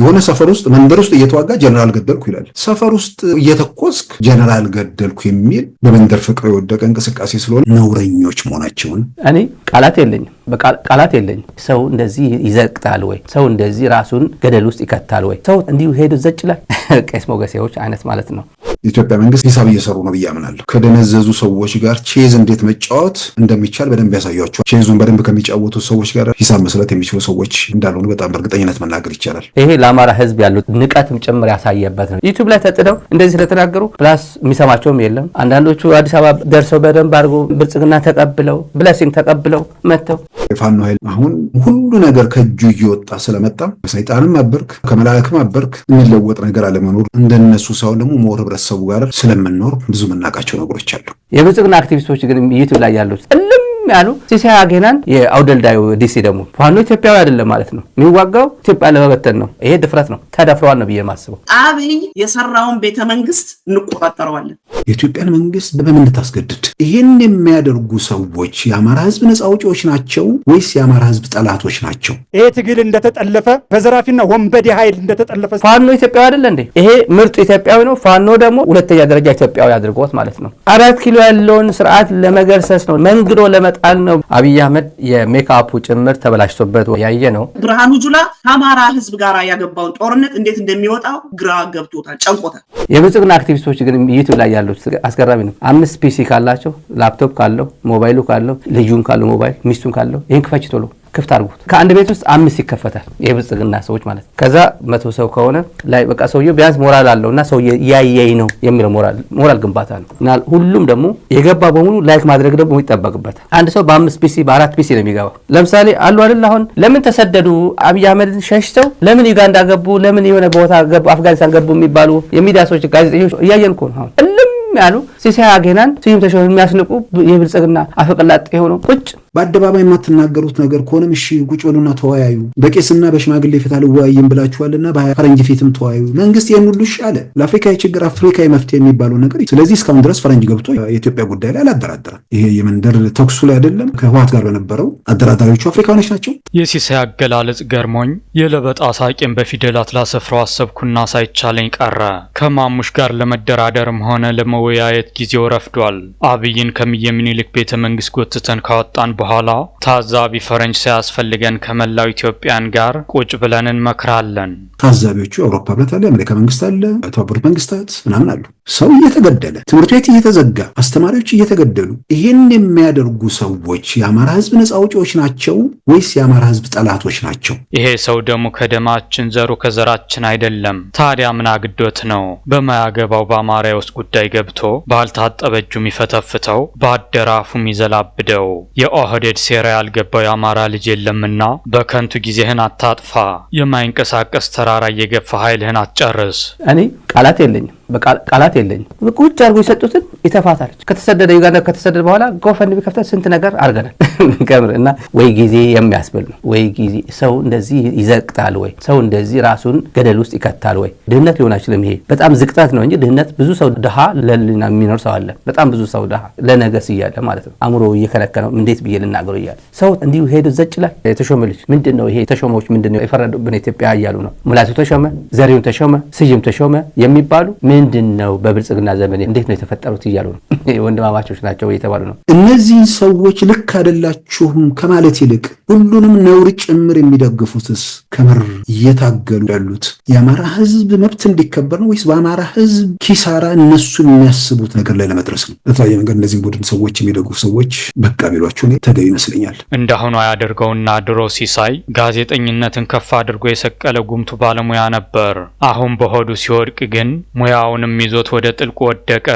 የሆነ ሰፈር ውስጥ መንደር ውስጥ እየተዋጋ ጀነራል ገደልኩ ይላል። ሰፈር ውስጥ እየተኮስክ ጀነራል ገደልኩ የሚል በመንደር ፍቅር የወደቀ እንቅስቃሴ ስለሆነ ነውረኞች መሆናቸውን እኔ ቃላት የለኝም። ቃላት የለኝ ሰው እንደዚህ ይዘቅጣል ወይ? ሰው እንደዚህ ራሱን ገደል ውስጥ ይከታል ወይ? ሰው እንዲሁ ሄዱ ዘጭላል። ቄስ ሞገሴዎች አይነት ማለት ነው። የኢትዮጵያ መንግስት ሂሳብ እየሰሩ ነው ብዬ አምናለሁ። ከደነዘዙ ሰዎች ጋር ቼዝ እንዴት መጫወት እንደሚቻል በደንብ ያሳያቸዋል። ቼዙን በደንብ ከሚጫወቱ ሰዎች ጋር ሂሳብ መስለት የሚችሉ ሰዎች እንዳልሆኑ በጣም በእርግጠኝነት መናገር ይቻላል። ይሄ ለአማራ ህዝብ ያሉት ንቀትም ጭምር ያሳየበት ነው። ዩቱብ ላይ ተጥደው እንደዚህ ስለተናገሩ ፕላስ የሚሰማቸውም የለም። አንዳንዶቹ አዲስ አበባ ደርሰው በደንብ አድርጎ ብልጽግና ተቀብለው ብለሲንግ ተቀብለው መጥተው የፋኖ ኃይል አሁን ሁሉ ነገር ከእጁ እየወጣ ስለመጣ ከሰይጣንም አበርክ ከመላእክም አበርክ የሚለወጥ ነገር አለመኖር እንደነሱ ሰው ደግሞ ሞር ህብረተሰቡ ጋር ስለምንኖር ብዙ የምናውቃቸው ነገሮች አሉ። የብልጽግና አክቲቪስቶች ግን ዩቲዩብ ላይ ያሉት ዝም ያሉ ሲሳይ አገናን የአውደልዳዩ ዲሲ ደግሞ ፋኖ ኢትዮጵያዊ አይደለም ማለት ነው። የሚዋጋው ኢትዮጵያ ለመበተን ነው። ይሄ ድፍረት ነው። ተደፍረዋል ነው ብዬ ማስበው። አብይ የሰራውን ቤተ መንግስት እንቆጣጠረዋለን። የኢትዮጵያን መንግስት በምን ልታስገድድ? ይህን የሚያደርጉ ሰዎች የአማራ ህዝብ ነጻ አውጪዎች ናቸው ወይስ የአማራ ህዝብ ጠላቶች ናቸው? ይሄ ትግል እንደተጠለፈ በዘራፊና ወንበዴ ኃይል እንደተጠለፈ ፋኖ ኢትዮጵያዊ አይደለ እንዴ? ይሄ ምርጡ ኢትዮጵያዊ ነው። ፋኖ ደግሞ ሁለተኛ ደረጃ ኢትዮጵያዊ አድርጎት ማለት ነው። አራት ኪሎ ያለውን ስርዓት ለመገርሰስ ነው መንግዶ ለመ ይመጣል ነው። አብይ አህመድ የሜካፑ ጭምር ተበላሽቶበት ያየ ነው። ብርሃኑ ጁላ ከአማራ ህዝብ ጋር ያገባውን ጦርነት እንዴት እንደሚወጣው ግራ ገብቶታል፣ ጨንቆታል። የብልጽግና አክቲቪስቶች ግን ዩቲዩብ ላይ ያሉት አስገራሚ ነው። አምስት ፒሲ ካላቸው ላፕቶፕ ካለው ሞባይሉ ካለው ልጁም ካለው ሞባይል ሚስቱን ካለው ይህን ክፈች ቶሎ ክፍት አድርጉት። ከአንድ ቤት ውስጥ አምስት ይከፈታል። የብልጽግና ሰዎች ማለት ነው። ከዛ መቶ ሰው ከሆነ ላይ በቃ ሰውየው ቢያንስ ሞራል አለው እና ሰው ያያይ ነው የሚለው ሞራል ግንባታ ነው እና ሁሉም ደግሞ የገባ በሙሉ ላይክ ማድረግ ደግሞ ይጠበቅበታል። አንድ ሰው በአምስት ፒሲ በአራት ፒሲ ነው የሚገባው። ለምሳሌ አሉ አይደል አሁን ለምን ተሰደዱ አብይ አህመድን ሸሽተው ለምን ዩጋንዳ ገቡ ለምን የሆነ ቦታ አፍጋኒስታን ገቡ የሚባሉ የሚዲያ ሰዎች ጋዜጠኞች እያየን እኮ ነው አሁን ያሉ ሲሳይ አገናን ስዩም ተሾመ የሚያስንቁ የብልጽግና አፈቀላጤ የሆኑ ቁጭ በአደባባይ የማትናገሩት ነገር ከሆነም እሺ ቁጭ በሉና ተወያዩ። በቄስና በሽማግሌ ፊት አልወያይም ብላችኋልና በፈረንጅ ፊትም ተወያዩ። መንግስት ይህን ሁሉ እሺ አለ። ለአፍሪካ ችግር አፍሪካ መፍትሄ የሚባለው ነገር ስለዚህ እስካሁን ድረስ ፈረንጅ ገብቶ የኢትዮጵያ ጉዳይ ላይ አላደራደረም። ይሄ የመንደር ተኩሱ ላይ አይደለም ከህወሓት ጋር በነበረው አደራዳሪዎቹ አፍሪካኖች ናቸው። የሲሳይ አገላለጽ ገርሞኝ የለበጣ ሳቄን በፊደላት ላሰፍረው አሰብኩና ሳይቻለኝ ቀረ። ከማሙሽ ጋር ለመደራደርም ሆነ ለመ ለመወያየት ጊዜው ረፍዷል። አብይን ከምኒልክ ቤተ መንግስት ጎትተን ካወጣን በኋላ ታዛቢ ፈረንጅ ሳያስፈልገን ከመላው ኢትዮጵያን ጋር ቁጭ ብለን እንመክራለን። ታዛቢዎቹ የአውሮፓ ህብረት አለ፣ የአሜሪካ መንግስት አለ፣ የተባበሩት መንግስታት ምናምን አሉ። ሰው እየተገደለ፣ ትምህርት ቤት እየተዘጋ፣ አስተማሪዎች እየተገደሉ፣ ይህን የሚያደርጉ ሰዎች የአማራ ህዝብ ነጻ አውጪዎች ናቸው ወይስ የአማራ ህዝብ ጠላቶች ናቸው? ይሄ ሰው ደግሞ ከደማችን ዘሩ ከዘራችን አይደለም። ታዲያ ምን አግዶት ነው በማያገባው በአማራ የውስጥ ጉዳይ ገብ ገብቶ ባልታጠበ እጁ የሚፈተፍተው በአደራፉ የሚዘላብደው የኦህዴድ ሴራ ያልገባው የአማራ ልጅ የለምና በከንቱ ጊዜህን አታጥፋ። የማይንቀሳቀስ ተራራ እየገፋ ኃይልህን አትጨርስ። እኔ ቃላት የለኝም፣ ቃላት የለኝም። ቁጭ አድርጎ የሰጡትን ይተፋታለች። ከተሰደደ ዩጋንዳ ከተሰደደ በኋላ ጎፈንድሚ ከፍተን ስንት ነገር አድርገናል። ከምር እና ወይ ጊዜ የሚያስብል ነው። ወይ ጊዜ ሰው እንደዚህ ይዘቅጣል ወይ ሰው እንደዚህ ራሱን ገደል ውስጥ ይከታል ወይ? ድህነት ሊሆን አይችልም። ይሄ በጣም ዝቅጠት ነው እንጂ ድህነት ብዙ ሰው ድሃ ለልና የሚኖር ሰው አለ። በጣም ብዙ ሰው ድሃ ለነገስ እያለ ማለት ነው። አእምሮ እየከነከነው እንዴት ብዬ ልናገሩ እያለ ሰው እንዲሁ ሄዶ ዘጭላል። የተሾመ ልጅ ምንድን ነው ይሄ? ተሾሞች ምንድን ነው የፈረዱብን ኢትዮጵያ እያሉ ነው። ሙላቱ ተሾመ፣ ዘሪሁን ተሾመ፣ ስዩም ተሾመ የሚባሉ ምንድን ነው በብልጽግና ዘመን እንዴት ነው የተፈጠሩት እያሉ ነው። ወንድማማቾች ናቸው እየተባሉ ነው። እነዚህን ሰዎች ልክ አይደላችሁም ከማለት ይልቅ ሁሉንም ነውር ጭምር የሚደግፉትስ ከምር እየታገሉ ያሉት የአማራ ሕዝብ መብት እንዲከበር ነው ወይስ በአማራ ሕዝብ ኪሳራ እነሱ የሚያስቡት ነገር ላይ ለመድረስ ነው? በተለያየ መንገድ እነዚህን ቡድን ሰዎች የሚደግፉ ሰዎች በቃ ቢሏቸው ተገቢ ይመስለኛል። እንዳሁኑ አያደርገውና ድሮ ሲሳይ ጋዜጠኝነትን ከፍ አድርጎ የሰቀለ ጉምቱ ባለሙያ ነበር። አሁን በሆዱ ሲወድቅ ግን ሙያውንም ይዞት ወደ ጥልቁ ወደቀ።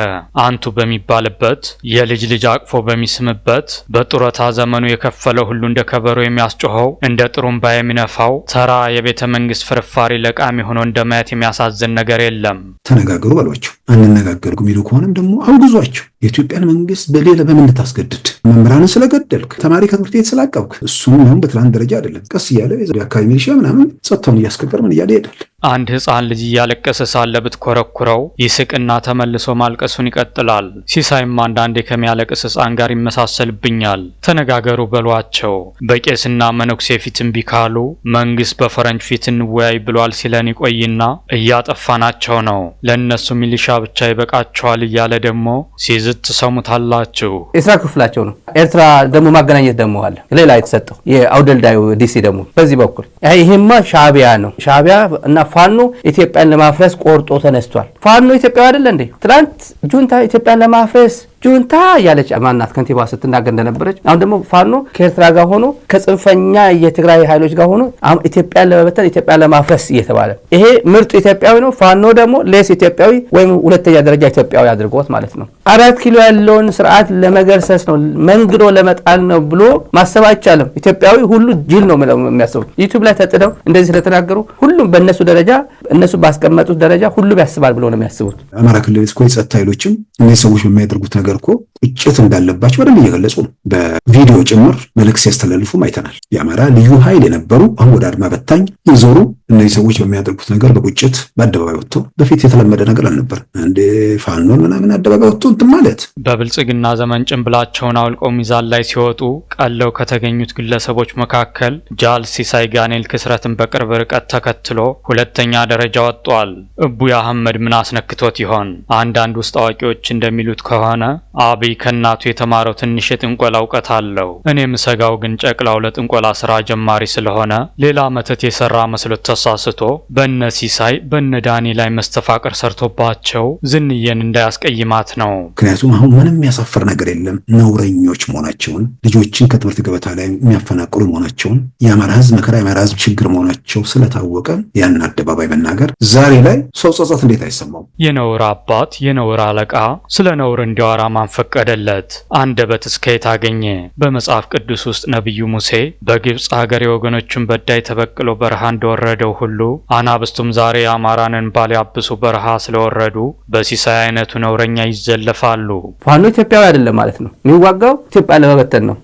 አንቱ በሚባልበት የልጅ ልጅ አቅፎ በሚስምበት በጡረታ ዘመኑ የከፈለ ሁሉ እንደ ከበሮ የሚያስጮኸው እንደ ጥሩምባ የሚነፋው ተራ የቤተ መንግስት ፍርፋሪ ለቃሚ ሆኖ እንደማየት የሚያሳዝን ነገር የለም። ተነጋግሩ አሏቸው። አንነጋገርኩም የሚሉ ከሆነም ደግሞ አውግዟቸው የኢትዮጵያን መንግስት በሌላ በምን ልታስገድድ መምህራንን ስለገደልክ ተማሪ ከትምህርት ቤት ስላቀብክ እሱም አሁን በትላንት ደረጃ አይደለም። ቀስ እያለ የአካባቢ ሚሊሻ ምናምን ጸጥታውን እያስከበር ምን እያለ ይሄዳል። አንድ ህፃን ልጅ እያለቀሰ ሳለ ብትኮረኩረው ይስቅና ተመልሶ ማልቀሱን ይቀጥላል። ሲሳይም አንዳንዴ ከሚያለቅስ ህፃን ጋር ይመሳሰልብኛል። ተነጋገሩ በሏቸው። በቄስና መነኩሴ ፊት እምቢ ካሉ መንግስት በፈረንጅ ፊት እንወያይ ብሏል ሲለን ይቆይና እያጠፋናቸው ነው ለእነሱ ሚሊሻ ብቻ ይበቃቸዋል እያለ ደግሞ ሲዝት ትሰሙታላችሁ። የስራ ክፍላቸው ነው። ኤርትራ ደግሞ ማገናኘት ደግሞ አለ። ሌላ የተሰጠው የአውደልዳዩ ዲሲ ደግሞ በዚህ በኩል ይሄማ ሻቢያ ነው። ሻቢያ እና ፋኖ ኢትዮጵያን ለማፍረስ ቆርጦ ተነስቷል። ፋኖ ኢትዮጵያ አይደለ እንዴ? ትናንት ጁንታ ኢትዮጵያን ለማፍረስ ጁንታ ያለች ማናት ከንቲባ ስትናገር እንደነበረች፣ አሁን ደግሞ ፋኖ ከኤርትራ ጋር ሆኖ ከጽንፈኛ የትግራይ ኃይሎች ጋር ሆኖ አሁን ኢትዮጵያን ለመበተን ኢትዮጵያን ለማፍረስ እየተባለ ይሄ ምርጡ ኢትዮጵያዊ ነው። ፋኖ ደግሞ ሌስ ኢትዮጵያዊ ወይም ሁለተኛ ደረጃ ኢትዮጵያዊ አድርጎት ማለት ነው። አራት ኪሎ ያለውን ስርዓት ለመገርሰስ ነው መንግዶ ለመጣል ነው ብሎ ማሰብ አይቻልም። ኢትዮጵያዊ ሁሉ ጅል ነው የሚያስቡት። ዩቱብ ላይ ተጥደው እንደዚህ ስለተናገሩ ሁሉም በእነሱ ደረጃ እነሱ ባስቀመጡት ደረጃ ሁሉም ያስባል ብሎ ነው የሚያስቡት። አማራ ክልል እኮ የጸጥታ ኃይሎችም እነዚህ ሰዎች በሚያደርጉት ነገር እኮ ቁጭት እንዳለባቸው በደንብ እየገለጹ ነው። በቪዲዮ ጭምር መልዕክት ሲያስተላልፉም አይተናል። የአማራ ልዩ ኃይል የነበሩ አሁን ወደ አድማ በታኝ የዞሩ እነዚህ ሰዎች በሚያደርጉት ነገር በቁጭት በአደባባይ ወጥቶ በፊት የተለመደ ነገር አልነበር። እንደ ፋኖን ምናምን አደባባይ ወጥቶ እንትን ማለት በብልጽግና ዘመን ጭንብላቸውን አውልቀው ሚዛን ላይ ሲወጡ ቀለው ከተገኙት ግለሰቦች መካከል ጃል ሲሳይ ጋኔል ክስረትን በቅርብ ርቀት ተከትሎ ሁለተኛ ደረጃ ወጥቷል። እቡይ አህመድ ምን አስነክቶት ይሆን? አንዳንድ ውስጥ አዋቂዎች እንደሚሉት ከሆነ አብይ ከእናቱ የተማረው ትንሽ የጥንቆላ እውቀት አለው። እኔ ምሰጋው ግን ጨቅላው ለጥንቆላ ስራ ጀማሪ ስለሆነ ሌላ መተት የሰራ መስሎት ተሳስቶ በነ ሲሳይ በነ ዳኒ ላይ መስተፋቅር ሰርቶባቸው ዝንዬን እንዳያስቀይማት ነው። ምክንያቱም አሁን ምንም የሚያሳፍር ነገር የለም። ነውረኞች መሆናቸውን፣ ልጆችን ከትምህርት ገበታ ላይ የሚያፈናቅሉ መሆናቸውን፣ የአማራ ህዝብ መከራ፣ የአማራ ህዝብ ችግር መሆናቸው ስለታወቀ ያን አደባባይ መናገር ዛሬ ላይ ሰው ጸጸት እንዴት አይሰማውም? የነውር አባት የነውር አለቃ ስለ ነውር እንዲያወራ ማን ፈቀደለት? አንደበት እስከየት አገኘ? በመጽሐፍ ቅዱስ ውስጥ ነቢዩ ሙሴ በግብፅ ሀገር የወገኖቹን በዳይ ተበቅሎ በረሃ እንደወረደው ሁሉ አናብስቱም ዛሬ የአማራንን ባሊያብሱ በረሃ ስለወረዱ በሲሳይ አይነቱ ነውረኛ ይዘለፍ ያጠፋሉ። ፋኖ ኢትዮጵያዊ አይደለም ማለት ነው። የሚዋጋው ኢትዮጵያ ለመበተን ነው።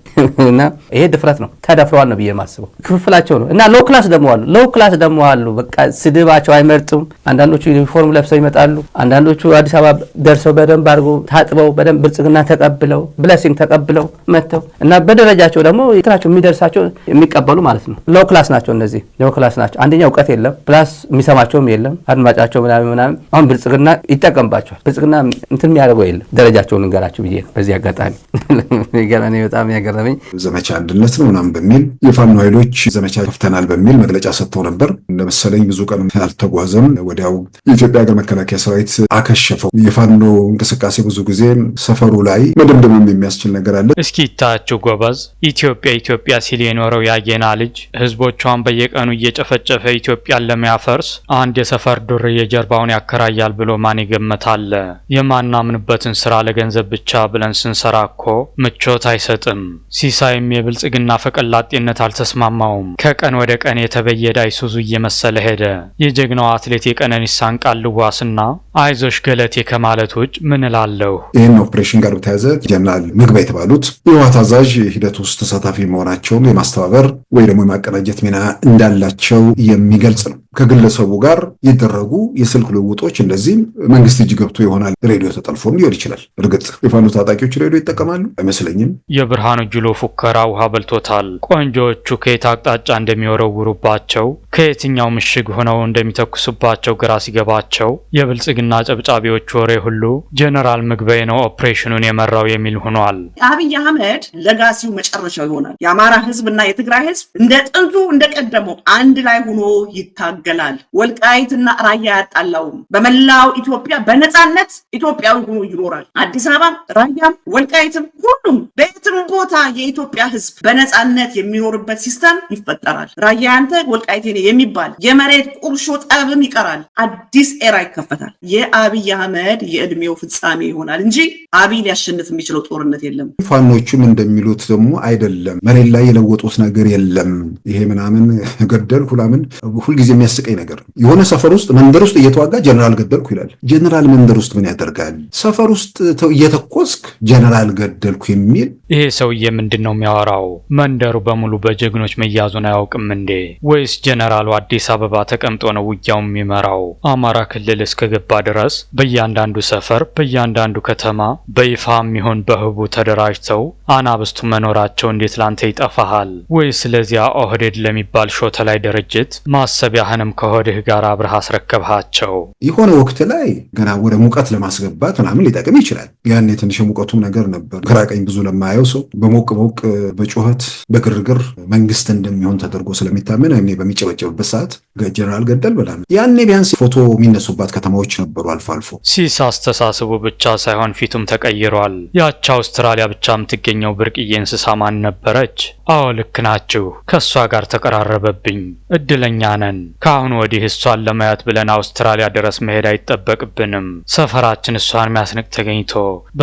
እና ይሄ ድፍረት ነው። ተደፍረዋል ነው ብዬ የማስበው። ክፍፍላቸው ነው እና ሎው ክላስ ደግሞ አሉ፣ ሎው ክላስ ደግሞ አሉ። በቃ ስድባቸው አይመርጡም። አንዳንዶቹ ዩኒፎርም ለብሰው ይመጣሉ። አንዳንዶቹ አዲስ አበባ ደርሰው በደንብ አድርጎ ታጥበው በደንብ ብልጽግና ተቀብለው ብለሲንግ ተቀብለው መጥተው እና በደረጃቸው ደግሞ ትናቸው የሚደርሳቸው የሚቀበሉ ማለት ነው። ሎው ክላስ ናቸው እነዚህ ሎው ክላስ ናቸው። አንደኛ እውቀት የለም ፕላስ የሚሰማቸውም የለም አድማጫቸው ምናምን ምናምን። አሁን ብልጽግና ይጠቀምባቸዋል። ብልጽግና እንትን የሚያደርገው የለም። ደረጃቸውን ንገራቸው ብዬ ነው በዚህ አጋጣሚ በጣም ያገረ አካባቢ ዘመቻ አንድነት ነው ምናምን በሚል የፋኖ ኃይሎች ዘመቻ ከፍተናል በሚል መግለጫ ሰጥተው ነበር። እንደመሰለኝ ብዙ ቀን አልተጓዘም። ወዲያው የኢትዮጵያ ሀገር መከላከያ ሰራዊት አከሸፈው። የፋኖ እንቅስቃሴ ብዙ ጊዜ ሰፈሩ ላይ መደምደምም የሚያስችል ነገር አለ። እስኪ ይታያቸው ጎበዝ። ኢትዮጵያ ኢትዮጵያ ሲል የኖረው ያጌና ልጅ ህዝቦቿን በየቀኑ እየጨፈጨፈ ኢትዮጵያን ለሚያፈርስ አንድ የሰፈር ዱር የጀርባውን ያከራያል ብሎ ማን ይገመታለ። የማናምንበትን ስራ ለገንዘብ ብቻ ብለን ስንሰራ እኮ ምቾት አይሰጥም። ሲሳይም የብልጽግና ፈቀላጤነት አልተስማማውም። ከቀን ወደ ቀን የተበየደ አይሱዙ እየመሰለ ሄደ። የጀግናው አትሌት የቀነኒሳን ቃል ልዋስና አይዞሽ ገለቴ ከማለት ውጭ ምን እላለሁ። ይህን ኦፕሬሽን ጋር በተያዘ ጀነራል ምግባ የተባሉት የህወሓት አዛዥ ሂደት ውስጥ ተሳታፊ መሆናቸውን የማስተባበር ወይ ደግሞ የማቀናጀት ሚና እንዳላቸው የሚገልጽ ነው። ከግለሰቡ ጋር የደረጉ የስልክ ልውውጦች እንደዚህም መንግስት እጅ ገብቶ ይሆናል። ሬዲዮ ተጠልፎ ሊሆን ይችላል። እርግጥ የፋኖ ታጣቂዎች ሬዲዮ ይጠቀማሉ አይመስለኝም። የብርሃኑ ጁሎ ፉከራ ውሃ በልቶታል። ቆንጆዎቹ ከየት አቅጣጫ እንደሚወረውሩባቸው ከየትኛው ምሽግ ሆነው እንደሚተኩሱባቸው ግራ ሲገባቸው የብልጽግና ጨብጫቢዎች ወሬ ሁሉ ጀነራል ምግበይ ነው ኦፕሬሽኑን የመራው የሚል ሆኗል። አብይ አህመድ ለጋሲው መጨረሻው ይሆናል። የአማራ ህዝብና የትግራይ ህዝብ እንደ ጥንቱ እንደቀደመው አንድ ላይ ሆኖ ይታል ይታገላል። ወልቃይትና ራያ አያጣላውም። በመላው ኢትዮጵያ በነፃነት ኢትዮጵያዊ ሆኖ ይኖራል። አዲስ አበባ ራያም፣ ወልቃይትም ሁሉም በየትም ቦታ የኢትዮጵያ ሕዝብ በነፃነት የሚኖርበት ሲስተም ይፈጠራል። ራያ ያንተ ወልቃይቴ የሚባል የመሬት ቁርሾ ጠብም ይቀራል። አዲስ ኤራ ይከፈታል። የአብይ አህመድ የእድሜው ፍጻሜ ይሆናል እንጂ አብይ ሊያሸንፍ የሚችለው ጦርነት የለም። ፋኖቹም እንደሚሉት ደግሞ አይደለም መሬት ላይ የለወጡት ነገር የለም። ይሄ ምናምን ገደል ሁላምን ሁልጊዜ የሚያስ የሚያስቀኝ ነገር የሆነ ሰፈር ውስጥ መንደር ውስጥ እየተዋጋ ጀነራል ገደልኩ ይላል። ጀነራል መንደር ውስጥ ምን ያደርጋል? ሰፈር ውስጥ እየተኮስክ ጀነራል ገደልኩ የሚል ይሄ ሰውዬ ምንድን ነው የሚያወራው? መንደሩ በሙሉ በጀግኖች መያዙን አያውቅም እንዴ? ወይስ ጀነራሉ አዲስ አበባ ተቀምጦ ነው ውጊያው የሚመራው? አማራ ክልል እስከገባ ድረስ በእያንዳንዱ ሰፈር፣ በእያንዳንዱ ከተማ በይፋ የሚሆን በህቡ ተደራጅተው አናብስቱ መኖራቸው እንዴት ላንተ ይጠፋሃል? ወይስ ለዚያ ኦህዴድ ለሚባል ሾተላይ ድርጅት ማሰቢያ እነዚህንም ከሆድህ ጋር አብረህ አስረከብሃቸው። የሆነ ወቅት ላይ ገና ወደ ሙቀት ለማስገባት ምናምን ሊጠቅም ይችላል። ያን የትንሽ ሙቀቱም ነገር ነበር። ግራ ቀኝ ብዙ ለማየው ሰው በሞቅ ሞቅ፣ በጩኸት፣ በግርግር መንግስት እንደሚሆን ተደርጎ ስለሚታመን ወይም በሚጨበጨብበት ሰዓት ጀነራል ገደል በላ ያኔ ቢያንስ ፎቶ የሚነሱባት ከተማዎች ነበሩ። አልፎ አልፎ ሲስ አስተሳሰቡ ብቻ ሳይሆን ፊቱም ተቀይሯል። ያች አውስትራሊያ ብቻ የምትገኘው ብርቅዬ እንስሳ ማን ነበረች? አዎ ልክ ናችሁ። ከእሷ ጋር ተቀራረበብኝ። እድለኛ ነን። ከአሁኑ ወዲህ እሷን ለማየት ብለን አውስትራሊያ ድረስ መሄድ አይጠበቅብንም። ሰፈራችን እሷን የሚያስንቅ ተገኝቶ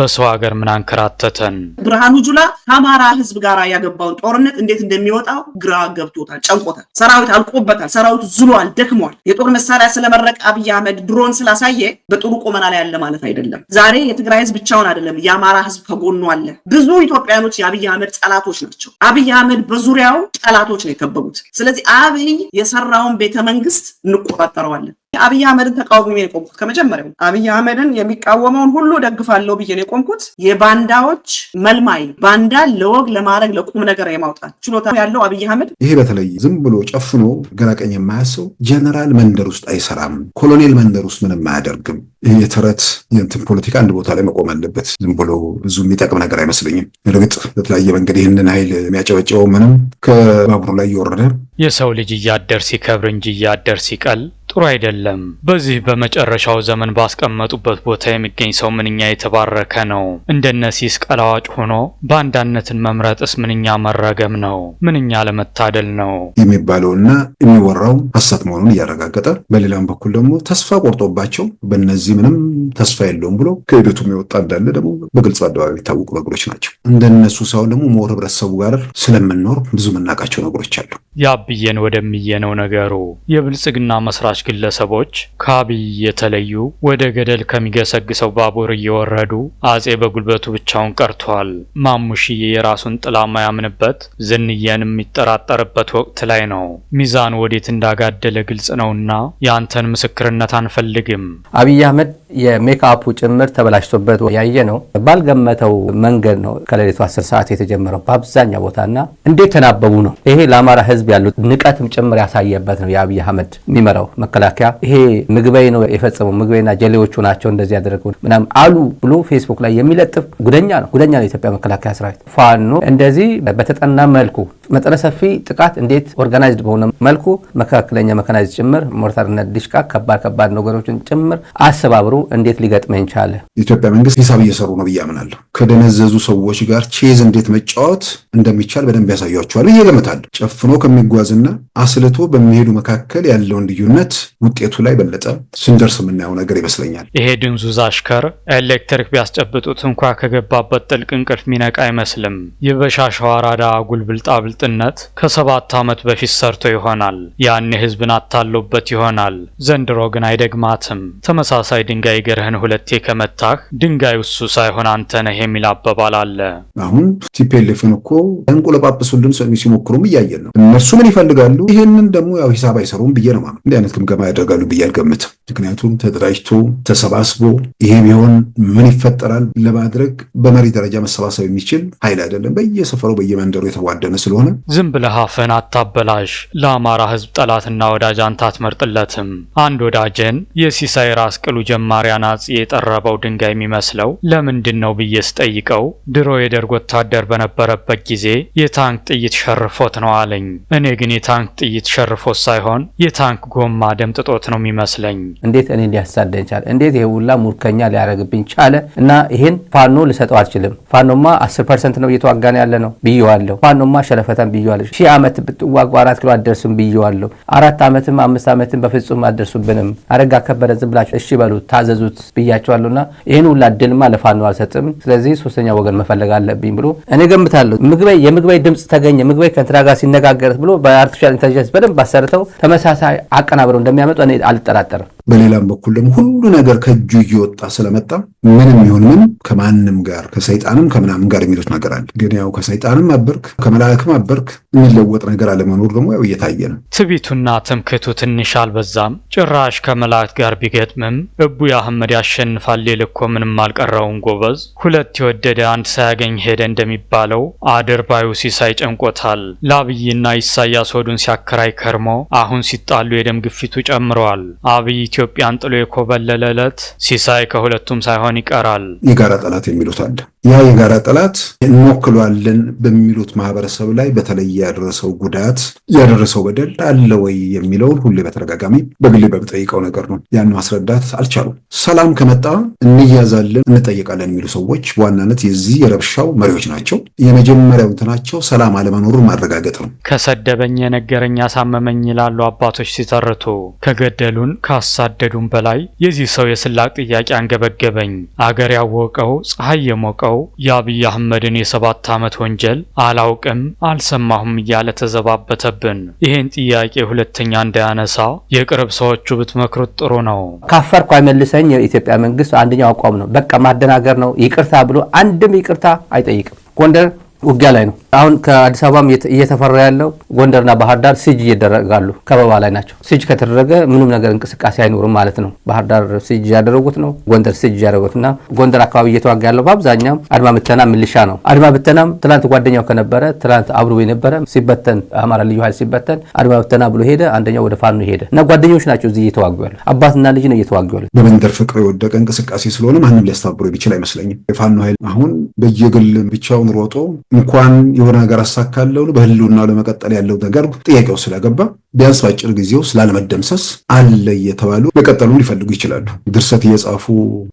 በሰው ሀገር ምን አንከራተተን። ብርሃኑ ጁላ ከአማራ ህዝብ ጋር ያገባውን ጦርነት እንዴት እንደሚወጣው ግራ ገብቶታል፣ ጨንቆታል። ሰራዊት አልቆበታል። ሰራዊቱ ዝሏል፣ ደክሟል። የጦር መሳሪያ ስለመረቅ አብይ አህመድ ድሮን ስላሳየ በጥሩ ቁመና ላይ ያለ ማለት አይደለም። ዛሬ የትግራይ ህዝብ ብቻውን አይደለም፣ የአማራ ህዝብ ከጎኑ አለ። ብዙ ኢትዮጵያኖች የአብይ አህመድ ጠላቶች ናቸው። አብይ አህመድ በዙሪያው ጠላቶች ነው የከበቡት። ስለዚህ አብይ የሰራውን ቤተ መንግስት እንቆጣጠረዋለን። አብይ አህመድን ተቃውሞ የቆምኩት ከመጀመሪያው አብይ አህመድን የሚቃወመውን ሁሉ ደግፋለሁ ብዬ ነው የቆምኩት። የባንዳዎች መልማይ ባንዳ ለወግ ለማድረግ ለቁም ነገር የማውጣት ችሎታ ያለው አብይ አህመድ ይሄ በተለይ ዝም ብሎ ጨፍኖ ገራቀኝ የማያሰው ጀነራል መንደር ውስጥ አይሰራም፣ ኮሎኔል መንደር ውስጥ ምንም አያደርግም። የተረት የእንትን ፖለቲካ አንድ ቦታ ላይ መቆም አለበት። ዝም ብሎ ብዙ የሚጠቅም ነገር አይመስለኝም። እርግጥ በተለያየ መንገድ ይህንን ኃይል የሚያጨበጭበው ምንም ከባቡሩ ላይ እየወረደ የሰው ልጅ እያደር ሲከብር እንጂ እያደር ሲቀል ጥሩ አይደለም። በዚህ በመጨረሻው ዘመን ባስቀመጡበት ቦታ የሚገኝ ሰው ምንኛ የተባረከ ነው። እንደነሲስ ቀላዋጭ ሆኖ ባንዳነትን መምረጥስ ምንኛ መረገም ነው፣ ምንኛ ለመታደል ነው የሚባለውና የሚወራው ሀሳት መሆኑን እያረጋገጠ፣ በሌላም በኩል ደግሞ ተስፋ ቆርጦባቸው በነዚህ ምንም ተስፋ የለውም ብሎ ከሂደቱ የወጣ እንዳለ ደግሞ በግልጽ አደባባይ የሚታወቁ ነገሮች ናቸው። እንደነሱ ሰው ደግሞ ሞር ህብረተሰቡ ጋር ስለምንኖር ብዙ የምናውቃቸው ነገሮች አሉ። ያብዬን ወደሚየነው ነው ነገሩ የብልጽግና መስራች ግለሰቦች ከአብይ የተለዩ ወደ ገደል ከሚገሰግሰው ባቡር እየወረዱ አጼ በጉልበቱ ብቻውን ቀርቷል። ማሙሽዬ የራሱን ጥላ ማያምንበት ዝንየን የሚጠራጠርበት ወቅት ላይ ነው። ሚዛን ወዴት እንዳጋደለ ግልጽ ነውና የአንተን ምስክርነት አንፈልግም። አብይ አህመድ የሜካፑ ጭምር ተበላሽቶበት ያየ ነው። ባልገመተው መንገድ ነው ከሌሊቱ 10 ሰዓት የተጀመረው በአብዛኛው ቦታና እንዴት ተናበቡ ነው። ይሄ ለአማራ ህዝብ ያሉት ንቀትም ጭምር ያሳየበት ነው። የአብይ አህመድ የሚመራው መከላከያ ይሄ ምግበይ ነው የፈጸመው ምግበይና ጀሌዎቹ ናቸው እንደዚህ ያደረገ ምናም አሉ ብሎ ፌስቡክ ላይ የሚለጥፍ ጉደኛ ነው። ጉደኛ ነው የኢትዮጵያ መከላከያ ሰራዊት ፋኖ እንደዚህ በተጠና መልኩ መጠነ ሰፊ ጥቃት እንዴት ኦርጋናይዝድ በሆነ መልኩ መካከለኛ መካናይዝ ጭምር ሞርታርነት ዲሽቃ ከባድ ከባድ ነገሮችን ጭምር አሰባብሮ እንዴት ሊገጥመኝ ቻለ? ኢትዮጵያ መንግስት ሂሳብ እየሰሩ ነው ብዬ አምናለሁ። ከደነዘዙ ሰዎች ጋር ቼዝ እንዴት መጫወት እንደሚቻል በደንብ ያሳያቸዋል ብዬ እገምታለሁ። ጨፍኖ ከሚጓዝና አስልቶ በሚሄዱ መካከል ያለውን ልዩነት ውጤቱ ላይ በለጠ ስንደርስ የምናየው ነገር ይመስለኛል። ይሄ ድንዙዝ አሽከር ኤሌክትሪክ ቢያስጨብጡት እንኳ ከገባበት ጥልቅ እንቅልፍ ሚነቃ አይመስልም። የበሻሻው አራዳ አጉል ብልጣብልጥ በግብጥነት ከሰባት ዓመት በፊት ሰርቶ ይሆናል። ያኔ ህዝብን አታሎበት ይሆናል። ዘንድሮ ግን አይደግማትም። ተመሳሳይ ድንጋይ ገርህን ሁለቴ ከመታህ ድንጋይ እሱ ሳይሆን አንተ ነህ የሚል አባባል አለ። አሁን ቲፔልፍን እኮ እንቁለጳጵሱልን ሲሞክሩም እያየን ነው። እነሱ ምን ይፈልጋሉ? ይህንን ደግሞ ያው ሂሳብ አይሰሩም ብዬ ነው እንዲህ አይነት ግምገማ ያደርጋሉ ብዬ አልገምትም። ምክንያቱም ተደራጅቶ ተሰባስቦ ይሄ ቢሆን ምን ይፈጠራል ለማድረግ በመሪ ደረጃ መሰባሰብ የሚችል ኃይል አይደለም። በየሰፈሩ በየመንደሩ የተዋደነ ስለሆነ ስለሆነ ዝም ብለህ አፍህን አታበላሽ። ለአማራ ህዝብ ጠላትና ወዳጅ አንተ አትመርጥለትም። አንድ ወዳጀን የሲሳይ ራስ ቅሉ ጀማሪ አጼ የጠረበው ድንጋይ የሚመስለው ለምንድን ነው ብዬ ስጠይቀው ድሮ የደርግ ወታደር በነበረበት ጊዜ የታንክ ጥይት ሸርፎት ነው አለኝ። እኔ ግን የታንክ ጥይት ሸርፎት ሳይሆን የታንክ ጎማ ደምጥጦት ነው የሚመስለኝ። እንዴት እኔ ሊያሳደኝ ቻለ? እንዴት ይሄ ሁላ ሙርከኛ ሊያደርግብኝ ቻለ? እና ይሄን ፋኖ ልሰጠው አልችልም። ፋኖማ 10 ፐርሰንት ነው እየተዋጋን ያለ ነው ብዬዋለሁ። ፋኖማ ሸረፈ አትፈታም ብየዋለሁ። ሺህ ዓመት ብትዋጉ አራት ኪሎ አትደርሱም ብየዋለሁ። አራት ዓመትም አምስት ዓመትም በፍጹም አደርሱብንም። አረጋ ከበደ ዝም ብላችሁ እሺ በሉት ታዘዙት ብያቸዋለሁና ይህን ሁላ ድልማ ለፋኖ አልሰጥም፣ ስለዚህ ሶስተኛ ወገን መፈለግ አለብኝ ብሎ እኔ ገምታለሁ። ምግበይ የምግበይ ድምፅ ተገኘ ምግበይ ከእንትና ጋር ሲነጋገር ብሎ በአርቲፊሻል ኢንተሊጀንስ በደንብ አሰርተው ተመሳሳይ አቀናብረው እንደሚያመጡ እኔ አልጠራጠርም። በሌላም በኩል ደግሞ ሁሉ ነገር ከእጁ እየወጣ ስለመጣ ምንም ይሁን ምን ከማንም ጋር ከሰይጣንም ከምናምን ጋር የሚሉት ነገር አለ። ግን ያው ከሰይጣንም አበርክ ከመላእክም አበርክ የሚለወጥ ነገር አለመኖር ደግሞ ያው እየታየ ነው። ትቢቱና ትምክቱ ትንሽ አልበዛም። ጭራሽ ከመላእክት ጋር ቢገጥምም እቡይ አህመድ ያሸንፋል። ሌል እኮ ምንም አልቀረውን ጎበዝ። ሁለት የወደደ አንድ ሳያገኝ ሄደ እንደሚባለው አድርባዩ ሲሳይ ጨንቆታል። ለአብይና ኢሳያስ ወዱን ሲያከራይ ከርሞ አሁን ሲጣሉ የደም ግፊቱ ጨምረዋል። አብይ ኢትዮጵያን ጥሎ የኮበለለ ዕለት ሲሳይ ከሁለቱም ሳይሆን ይቀራል። የጋራ ጠላት የሚሉት አለ። ያ የጋራ ጠላት እንወክሏለን በሚሉት ማህበረሰብ ላይ በተለይ ያደረሰው ጉዳት ያደረሰው በደል አለ ወይ የሚለውን ሁሌ በተደጋጋሚ በግሌ በምጠይቀው ነገር ነው። ያን ማስረዳት አልቻሉም። ሰላም ከመጣ እንያዛለን፣ እንጠየቃለን የሚሉ ሰዎች በዋናነት የዚህ የረብሻው መሪዎች ናቸው። የመጀመሪያው እንትናቸው ሰላም አለመኖሩን ማረጋገጥ ነው። ከሰደበኝ የነገረኝ ያሳመመኝ ይላሉ አባቶች ሲተርቱ። ከገደሉን ካሳደዱን በላይ የዚህ ሰው የስላቅ ጥያቄ አንገበገበኝ። አገር ያወቀው ፀሐይ የሞቀው ሰው የአብይ አህመድን የሰባት ዓመት ወንጀል አላውቅም አልሰማሁም እያለ ተዘባበተብን። ይህን ጥያቄ ሁለተኛ እንዳያነሳ የቅርብ ሰዎቹ ብትመክሩት ጥሩ ነው። ካፈርኩ አይመልሰኝ የኢትዮጵያ መንግስት አንደኛው አቋም ነው። በቃ ማደናገር ነው። ይቅርታ ብሎ አንድም ይቅርታ አይጠይቅም። ጎንደር ውጊያ ላይ ነው። አሁን ከአዲስ አበባም እየተፈራ ያለው ጎንደርና ባህር ዳር ሲጅ እየደረጋሉ ከበባ ላይ ናቸው። ሲጅ ከተደረገ ምንም ነገር እንቅስቃሴ አይኖርም ማለት ነው። ባህር ዳር ሲጅ ያደረጉት ነው። ጎንደር ሲጅ ያደረጉት እና ጎንደር አካባቢ እየተዋጋ ያለው በአብዛኛው አድማ ብተና ምልሻ ነው። አድማ ብተናም ትላንት ጓደኛው ከነበረ ትላንት አብሮ የነበረ ሲበተን አማራ ልዩ ኃይል ሲበተን አድማ ብተና ብሎ ሄደ። አንደኛው ወደ ፋኖ ሄደ እና ጓደኞች ናቸው እዚህ እየተዋጉ ያሉ አባትና ልጅ ነው እየተዋጉ ያሉ። በመንደር ፍቅር የወደቀ እንቅስቃሴ ስለሆነ ማንም ሊያስታብሮ የሚችል አይመስለኝም። የፋኖ ኃይል አሁን በየግል ብቻውን ሮጦ እንኳን የሆነ ነገር አሳካለሁ በህልውናው ለመቀጠል ያለው ነገር ጥያቄው ስለገባ ቢያንስ በአጭር ጊዜ ስላለመደምሰስ አለ እየተባሉ መቀጠሉን ሊፈልጉ ይችላሉ። ድርሰት እየጻፉ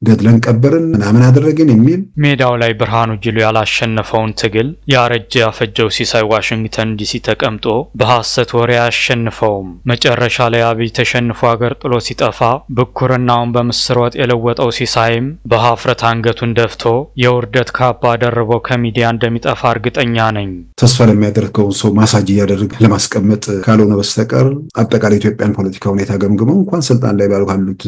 ገድለን ቀበርን ምናምን አደረግን የሚል ሜዳው ላይ ብርሃኑ ጅሉ ያላሸነፈውን ትግል ያረጀ ያፈጀው ሲሳይ ዋሽንግተን ዲሲ ተቀምጦ በሐሰት ወሬ አያሸንፈውም። መጨረሻ ላይ አብይ ተሸንፎ አገር ጥሎ ሲጠፋ ብኩርናውን በምስር ወጥ የለወጠው ሲሳይም በሀፍረት አንገቱን ደፍቶ የውርደት ካባ ደርቦ ከሚዲያ እንደሚጠፋ እርግጠኛ ነኝ። ተስፋ ለሚያደርገውን ሰው ማሳጅ እያደረግ ለማስቀመጥ ካልሆነ በስተቀር አጠቃላይ ኢትዮጵያን ፖለቲካ ሁኔታ ገምግመው እንኳን ስልጣን ላይ ባሉ ካሉት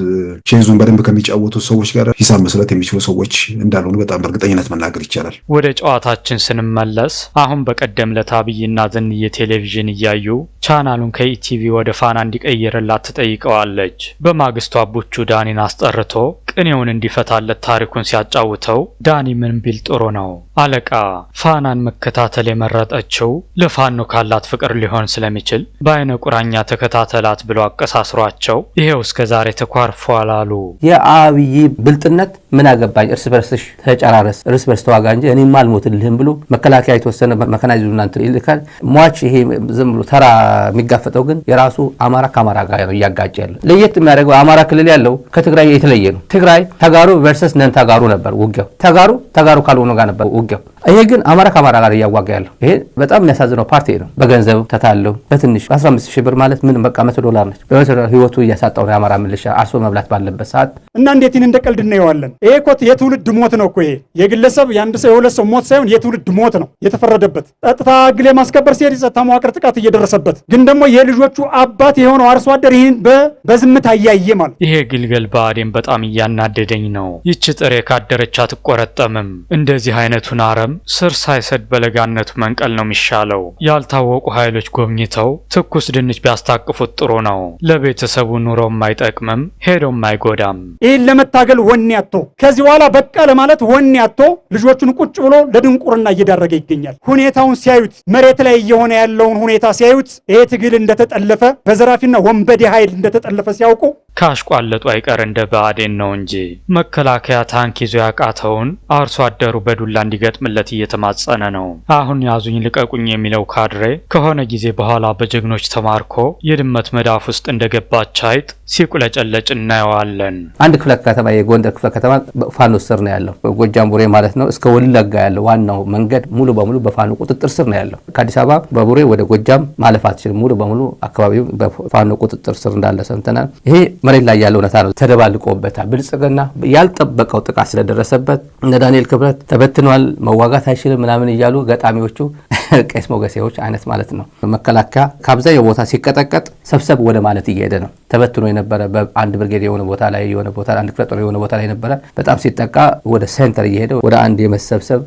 ቼዙን በደንብ ከሚጫወቱ ሰዎች ጋር ሂሳብ መስራት የሚችሉ ሰዎች እንዳልሆኑ በጣም በእርግጠኝነት መናገር ይቻላል። ወደ ጨዋታችን ስንመለስ አሁን በቀደም ለታብይና ዝንዬ ቴሌቪዥን እያዩ ቻናሉን ከኢቲቪ ወደ ፋና እንዲቀይርላት ትጠይቀዋለች። በማግስቱ አቡቹ ዳኒን አስጠርቶ ቅኔውን እንዲፈታለት ታሪኩን ሲያጫውተው ዳኒ ምን ቢል ጥሩ ነው? አለቃ ፋናን መከታተል የመረጠችው ለፋኖ ካላት ፍቅር ሊሆን ስለሚችል በአይነ ቁራኛ ተከታተላት ብሎ አቀሳስሯቸው ይሄው እስከ ዛሬ ተኳርፏል አሉ። የአብይ ብልጥነት ምን አገባኝ፣ እርስ በርስሽ ተጨራረስ፣ እርስ በርስ ተዋጋ እንጂ እኔም አልሞትልህም ብሎ መከላከያ የተወሰነ መከናይዙ እናንት ይልካል። ሟች ይሄ ዝም ብሎ ተራ የሚጋፈጠው ግን የራሱ አማራ ከአማራ ጋር ነው እያጋጨ ያለ። ለየት የሚያደርገው አማራ ክልል ያለው ከትግራይ የተለየ ነው። ትግራይ ተጋሩ ቨርሰስ ነን ተጋሩ ነበር ውጊያው። ተጋሩ ተጋሩ ካልሆኑ ጋር ነበር ውጊያው። ይሄ ግን አማራ ከአማራ ጋር እያዋጋ ያለው ይሄ በጣም የሚያሳዝነው ፓርቲ ነው። በገንዘብ ተታለው በትንሽ 15 ሺህ ብር ማለት ምን በቃ መቶ ዶላር ነች። በመቶ ዶላር ህይወቱ እያሳጣው ነው የአማራ ምልሻ አርሶ መብላት ባለበት ሰዓት እና እንዴት ይህን እንደ ቀልድ እናየዋለን? ይሄ እኮ የትውልድ ሞት ነው እኮ ይሄ የግለሰብ የአንድ ሰው የሁለት ሰው ሞት ሳይሆን የትውልድ ሞት ነው የተፈረደበት። ጸጥታ ግሌ ማስከበር ሲሄድ የጸጥታ መዋቅር ጥቃት እየደረሰበት ግን ደግሞ የልጆቹ አባት የሆነው አርሶ አደር ይህን በዝምታ እያየ ማለት ይሄ ግልገል ባህዴን በጣም እያናደደኝ ነው። ይቺ ጥሬ ካደረች አትቆረጠምም። እንደዚህ አይነቱን አረም ዓለም ስር ሳይሰድ በለጋነቱ መንቀል ነው የሚሻለው። ያልታወቁ ኃይሎች ጎብኝተው ትኩስ ድንች ቢያስታቅፉት ጥሩ ነው። ለቤተሰቡ ኑሮም አይጠቅምም፣ ሄዶም አይጎዳም። ይህን ለመታገል ወኔ አቶ ከዚህ በኋላ በቃ ለማለት ወኔ አቶ ልጆቹን ቁጭ ብሎ ለድንቁርና እየዳረገ ይገኛል። ሁኔታውን ሲያዩት፣ መሬት ላይ እየሆነ ያለውን ሁኔታ ሲያዩት፣ ይሄ ትግል እንደተጠለፈ በዘራፊና ወንበዴ ኃይል እንደተጠለፈ ሲያውቁ ካሽቋለጡ አይቀር እንደ ብአዴን ነው እንጂ መከላከያ ታንክ ይዞ ያቃተውን አርሶ አደሩ በዱላ እንዲገጥምለት እንዲሆንለት እየተማጸነ ነው። አሁን ያዙኝ ልቀቁኝ የሚለው ካድሬ ከሆነ ጊዜ በኋላ በጀግኖች ተማርኮ የድመት መዳፍ ውስጥ እንደገባች አይጥ ሲቁለጨለጭ እናየዋለን። አንድ ክፍለ ከተማ የጎንደር ክፍለ ከተማ ፋኖ ስር ነው ያለው፣ ጎጃም ቡሬ ማለት ነው። እስከ ወለጋ ያለው ዋናው መንገድ ሙሉ በሙሉ በፋኖ ቁጥጥር ስር ነው ያለው። ከአዲስ አበባ በቡሬ ወደ ጎጃም ማለፍ አትችልም። ሙሉ በሙሉ አካባቢው በፋኖ ቁጥጥር ስር እንዳለ ሰምተናል። ይሄ መሬት ላይ ያለ እውነታ ነው። ተደባልቆበታል። ብልጽግና ያልጠበቀው ጥቃት ስለደረሰበት እነ ዳንኤል ክብረት ተበትኗል መዋ መዋጋት አይችልም ምናምን እያሉ ገጣሚዎቹ ቄስ ሞገሴዎች አይነት ማለት ነው። መከላከያ ከአብዛኛው ቦታ ሲቀጠቀጥ ሰብሰብ ወደ ማለት እየሄደ ነው። ተበትኖ የነበረ በአንድ ብርጌድ የሆነ ቦታ ላይ የሆነ ቦታ አንድ ክፍለ ጦር የሆነ ቦታ ላይ ነበረ። በጣም ሲጠቃ ወደ ሴንተር እየሄደ ወደ አንድ የመሰብሰብ